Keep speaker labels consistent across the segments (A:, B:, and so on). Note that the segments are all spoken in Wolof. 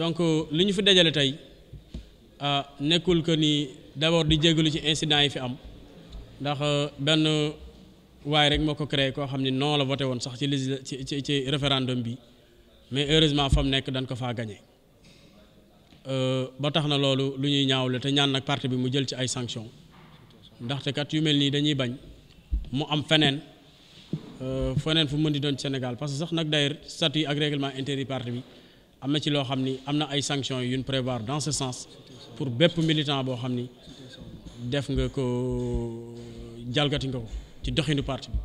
A: donc euh, li ñu fi dajale tey euh, nekkul que ni d'abord di jégalu ci incident yi fi am ndax euh, benn waaye rek moo ko créé koo xam ni non la voté woon sax ci ci ci ci référendum bi mais heureusement fa mu nekk dañ ko faa gagné ba tax na loolu lu ñuy ñaawle te ñaan nag parti bi mu jël ci ay sanctions ndaxte kat yu mel nii dañuy bañ mu am feneen feneen fu mën di doon Sénégal parce que sax nag d'ailleurs statut ak règlement intérieur parti bi. am na ci loo xam ni am na ay sanctions yuñ prévoir dans ce sens pour bépp militant boo xam ni def nga ko jalgati nga ko ci doxinu parti bi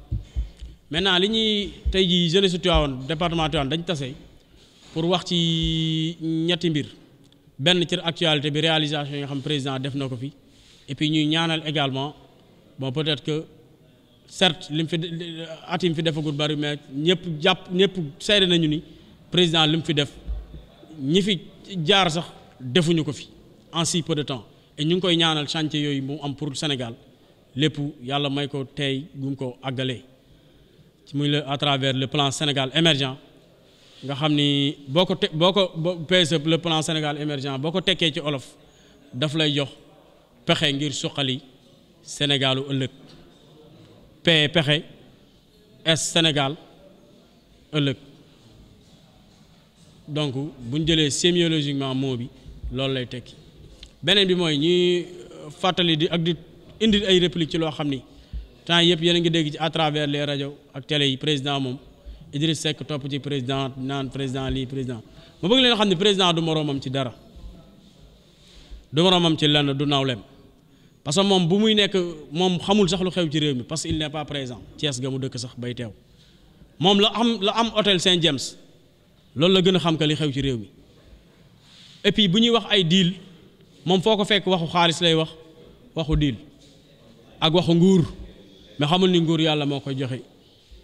A: maintenant li ñuy tey jii jeunesse Tivaouane département Tivaouane dañ tase pour wax ci ñetti mbir benn ci actualité bi réalisation yi nga xam président def na ko fi et puis ñuy ñaanal également bon peut-être que certes lim fi at yim fi defagul bari mais ñëpp jàpp ñëpp seede nañu ni président li mu fi def. ñi fi jaar sax defuñu ko fi en si peu de temps et ñu ngi koy ñaanal chantier yooyu mu am pour Sénégal lépp yàlla may ko tey gum ko àggale ci muy la à travers le plan Sénégal émergent nga xam ni boo ko te boo ko PSE le plan Sénégal émergent boo ko tekkee ci olof daf lay jox pexe ngir suqali Sénégalu ëllëg P pexe S Sénégal ëllëg donc bu ñu jëlee sémiologiquement moo bi loolu lay tekki beneen bi mooy ñuy euh, fàttali di ak di indi ay réplique ci loo xam ni temps yëpp yéen a ngi dégg ci à travers les rajo ak télé yi président moom Idriss sekk topp ci président naan président lii président ma bëgg leen xam ne président du moroomam ci dara du moroomam ci lenn du nawleem parce que moom bu muy nekk moom xamul sax lu xew ci réew mi parce que il n'est pas présent Thiès ga mu dëkk sax bay teew moom la am la am hôtel Saint James loolu la gën a xam que li xew ci réew mi et bu ñuy wax ay diil moom foo ko fekk waxu xaalis lay wax waxu diil ak waxu nguur mais xamul ni nguur yàlla moo koy joxe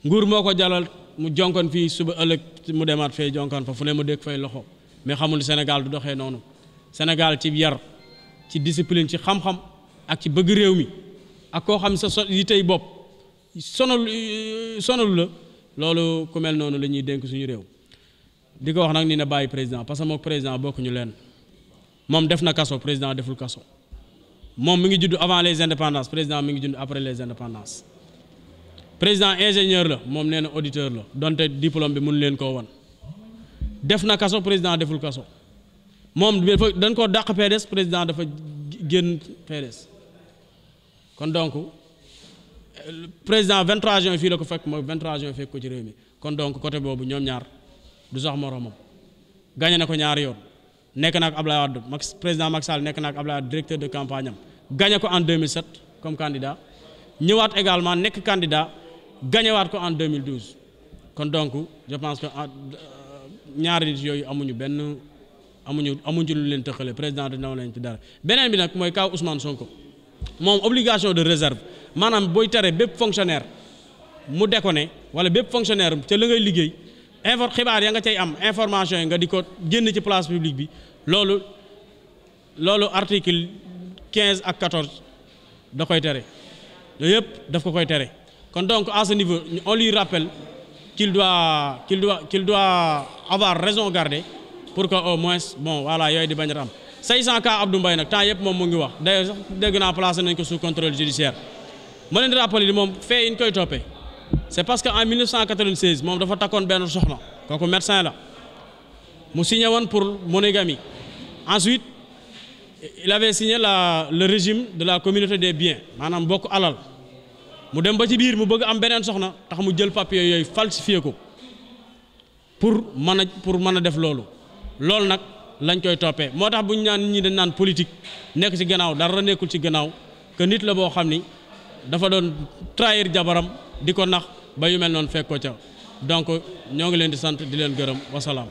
A: nguur moo ko jalal mu jonkan fii suba ëllëg mu demaat fay jonkan fa fu ne mu dégg fay loxo mais xamul Sénégal du doxee noonu Sénégal ci yar ci discipline ci xam-xam ak ci bëgg réew mi ak koo xam sa so yi tey bopp sonal sonalu la loolu ku mel noonu lañuy ñuy dénk suñu réew di ko wax nag ni na bàyyi président parce que moom président bokkuñu leen moom def na kaso président deful kaso moom mi ngi judd avant les indépendances président mi ngi judd après les indépendances président ingénieur la moom nee na auditeur la donte diplôme bi mun leen koo won def na kaso président deful kaso moom dafa dañ koo dàq PDS président dafa génn PDS kon donc président 23 juin fii la ko fekk mooy 23 juin fekk ko ci réew mi kon donc côté boobu ñoom ñaar. du sax moromam gagné na ko ñaari yoon nekk na ak Ablaye Wade Macky président Macky Sall nekk na ak Ablaye Wade directeur de campagne am gagné ko en 2007 comme candidat ñëwaat également nekk candidat gagné waat ko en 2012 kon donc je pense que ah, euh, ñaari nit yooyu amuñu benn amuñu amuñu ci lu leen tëxale président du naw leen ci dara beneen bi nag mooy kaw Ousmane ko moom obligation de réserve maanaam booy tere bépp fonctionnaire mu déconné wala bépp fonctionnaire ca la ngay liggéey. info xibaar ya nga cay am information yi nga di ko génn ci place publique bi loolu loolu article quinze ak quatorze da koy tere yooyu yëpp daf ko koy tere kon donc à ce niveau on lui rappelle qu'il doit qu'il doit qu'il doit avoir raison garder pour que au moins bon voilà yooyu di bañ a am 500 cas Abdou Mbaye nag temps yëpp moom mu ngi wax d'ailleurs sax dégg naa placé nañ ko sous contrôle judiciaire ma leen di rappeler moom fee yi ñu koy toppee. c'est parce que en 1996 moom dafa takkoon benn soxna kooku médecin la mu signé woon pour monogamie ensuite il avait signé la le régime de la communauté des biens maanaam bokk alal mu dem ba ci biir mu bëgg am beneen soxna tax mu jël papier yooyu falsifié ko pour mën a pour mën a def loolu loolu nag lañ koy toppee moo tax bu ñu naan nit ñi dañ naan politique nekk ci gannaaw dara la nekkul ci gannaaw que nit la boo xam ni dafa doon trahir jabaram. di ko nax ba yu mel noonu fekk ca donc ñoo ngi leen di sant di leen gërëm wasalaam